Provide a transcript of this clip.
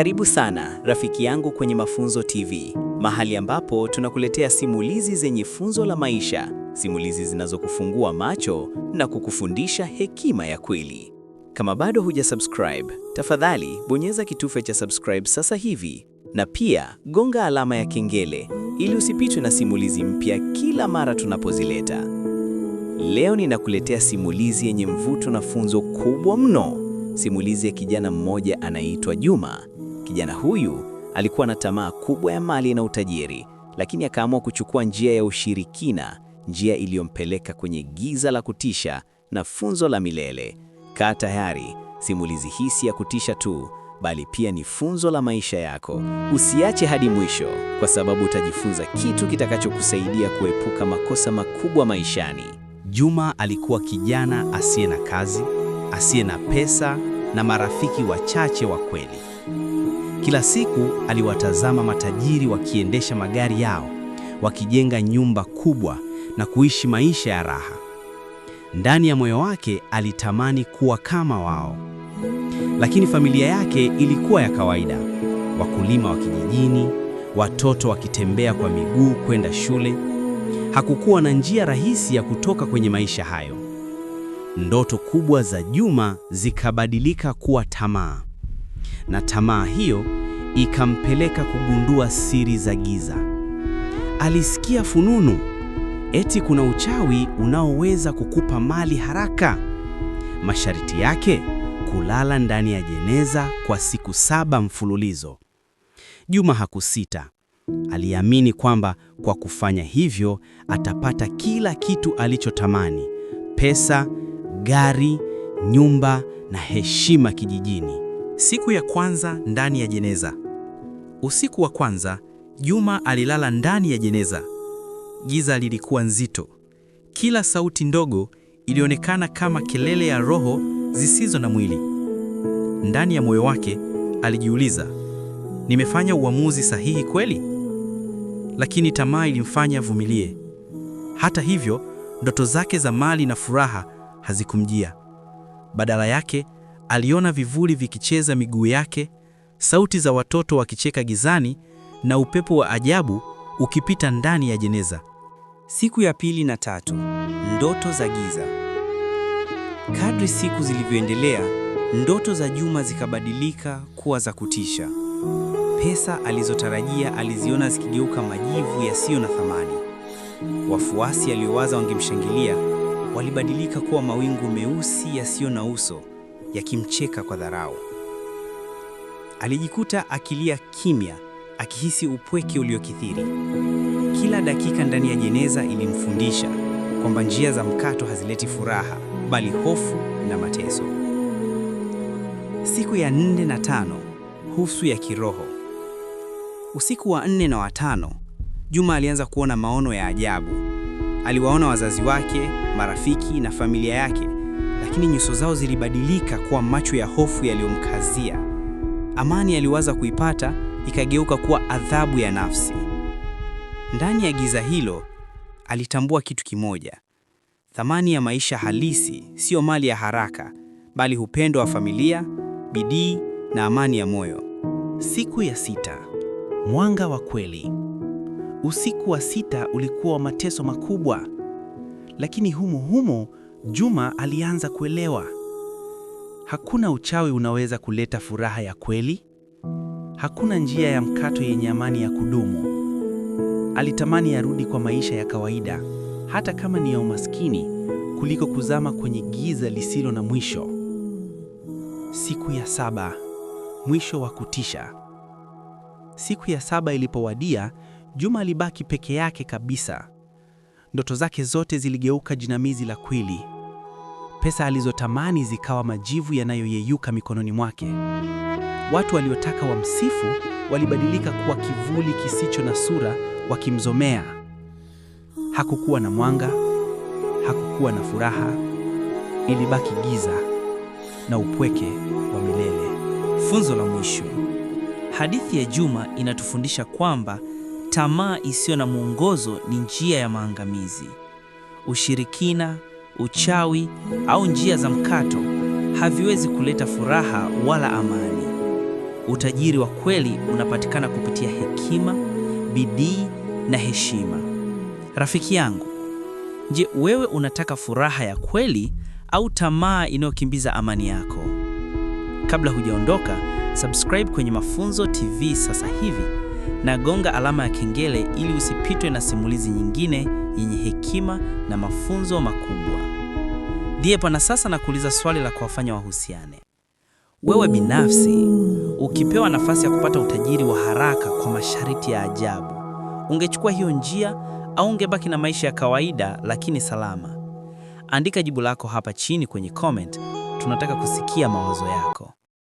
Karibu sana rafiki yangu kwenye Mafunzo TV, mahali ambapo tunakuletea simulizi zenye funzo la maisha, simulizi zinazokufungua macho na kukufundisha hekima ya kweli. Kama bado huja subscribe, tafadhali bonyeza kitufe cha subscribe sasa hivi na pia gonga alama ya kengele ili usipitwe na simulizi mpya kila mara tunapozileta. Leo ninakuletea simulizi yenye mvuto na funzo kubwa mno, simulizi ya kijana mmoja anaitwa Juma Kijana huyu alikuwa na tamaa kubwa ya mali na utajiri, lakini akaamua kuchukua njia ya ushirikina, njia iliyompeleka kwenye giza la kutisha na funzo la milele. Kaa tayari, simulizi hisi ya kutisha tu, bali pia ni funzo la maisha yako. Usiache hadi mwisho, kwa sababu utajifunza kitu kitakachokusaidia kuepuka makosa makubwa maishani. Juma alikuwa kijana asiye na kazi, asiye na pesa na marafiki wachache wa kweli. Kila siku aliwatazama matajiri wakiendesha magari yao, wakijenga nyumba kubwa na kuishi maisha ya raha. Ndani ya moyo wake alitamani kuwa kama wao. Lakini familia yake ilikuwa ya kawaida. Wakulima wa kijijini, watoto wakitembea kwa miguu kwenda shule. Hakukuwa na njia rahisi ya kutoka kwenye maisha hayo. Ndoto kubwa za Juma zikabadilika kuwa tamaa na tamaa hiyo ikampeleka kugundua siri za giza. Alisikia fununu eti kuna uchawi unaoweza kukupa mali haraka. Masharti yake kulala ndani ya jeneza kwa siku saba mfululizo. Juma hakusita. Aliamini kwamba kwa kufanya hivyo atapata kila kitu alichotamani: pesa, gari, nyumba na heshima kijijini. Siku ya kwanza ndani ya jeneza. Usiku wa kwanza, Juma alilala ndani ya jeneza. Giza lilikuwa nzito. Kila sauti ndogo ilionekana kama kelele ya roho zisizo na mwili. Ndani ya moyo wake alijiuliza, nimefanya uamuzi sahihi kweli? Lakini tamaa ilimfanya avumilie. Hata hivyo, ndoto zake za mali na furaha hazikumjia. Badala yake aliona vivuli vikicheza miguu yake, sauti za watoto wakicheka gizani na upepo wa ajabu ukipita ndani ya jeneza. Siku ya pili na tatu. Ndoto za giza. Kadri siku zilivyoendelea, ndoto za Juma zikabadilika kuwa za kutisha. Pesa alizotarajia aliziona zikigeuka majivu yasiyo na thamani. Wafuasi aliowaza wangemshangilia walibadilika kuwa mawingu meusi yasiyo na uso yakimcheka kwa dharau. Alijikuta akilia kimya, akihisi upweke uliokithiri. Kila dakika ndani ya jeneza ilimfundisha kwamba njia za mkato hazileti furaha, bali hofu na mateso. Siku ya nne na tano, husu ya kiroho. Usiku wa nne na watano, Juma alianza kuona maono ya ajabu. Aliwaona wazazi wake, marafiki na familia yake lakini nyuso zao zilibadilika kuwa macho ya hofu yaliyomkazia. Amani aliwaza kuipata ikageuka kuwa adhabu ya nafsi. Ndani ya giza hilo alitambua kitu kimoja: thamani ya maisha halisi siyo mali ya haraka, bali upendo wa familia, bidii na amani ya moyo. Siku ya sita, mwanga wa kweli. Usiku wa sita ulikuwa wa mateso makubwa, lakini humo humo Juma alianza kuelewa. Hakuna uchawi unaweza kuleta furaha ya kweli. Hakuna njia ya mkato yenye amani ya kudumu. Alitamani arudi kwa maisha ya kawaida, hata kama ni ya umaskini, kuliko kuzama kwenye giza lisilo na mwisho. Siku ya saba, mwisho wa kutisha. Siku ya saba ilipowadia, Juma alibaki peke yake kabisa. Ndoto zake zote ziligeuka jinamizi la kweli pesa alizotamani zikawa majivu yanayoyeyuka mikononi mwake. Watu waliotaka wamsifu walibadilika kuwa kivuli kisicho na sura, wakimzomea. Hakukuwa na mwanga, hakukuwa na furaha, ilibaki giza na upweke wa milele. Funzo la mwisho: hadithi ya Juma inatufundisha kwamba tamaa isiyo na mwongozo ni njia ya maangamizi. Ushirikina uchawi au njia za mkato haviwezi kuleta furaha wala amani. Utajiri wa kweli unapatikana kupitia hekima, bidii na heshima. Rafiki yangu, je, wewe unataka furaha ya kweli au tamaa inayokimbiza amani yako? Kabla hujaondoka, subscribe kwenye Mafunzo TV sasa hivi na gonga alama ya kengele ili usipitwe na simulizi nyingine yenye hekima na mafunzo makubwa. Ndiye pana sasa nakuuliza swali la kuwafanya wahusiane. Wewe binafsi ukipewa nafasi ya kupata utajiri wa haraka kwa masharti ya ajabu, ungechukua hiyo njia au ungebaki na maisha ya kawaida lakini salama? Andika jibu lako hapa chini kwenye comment. Tunataka kusikia mawazo yako.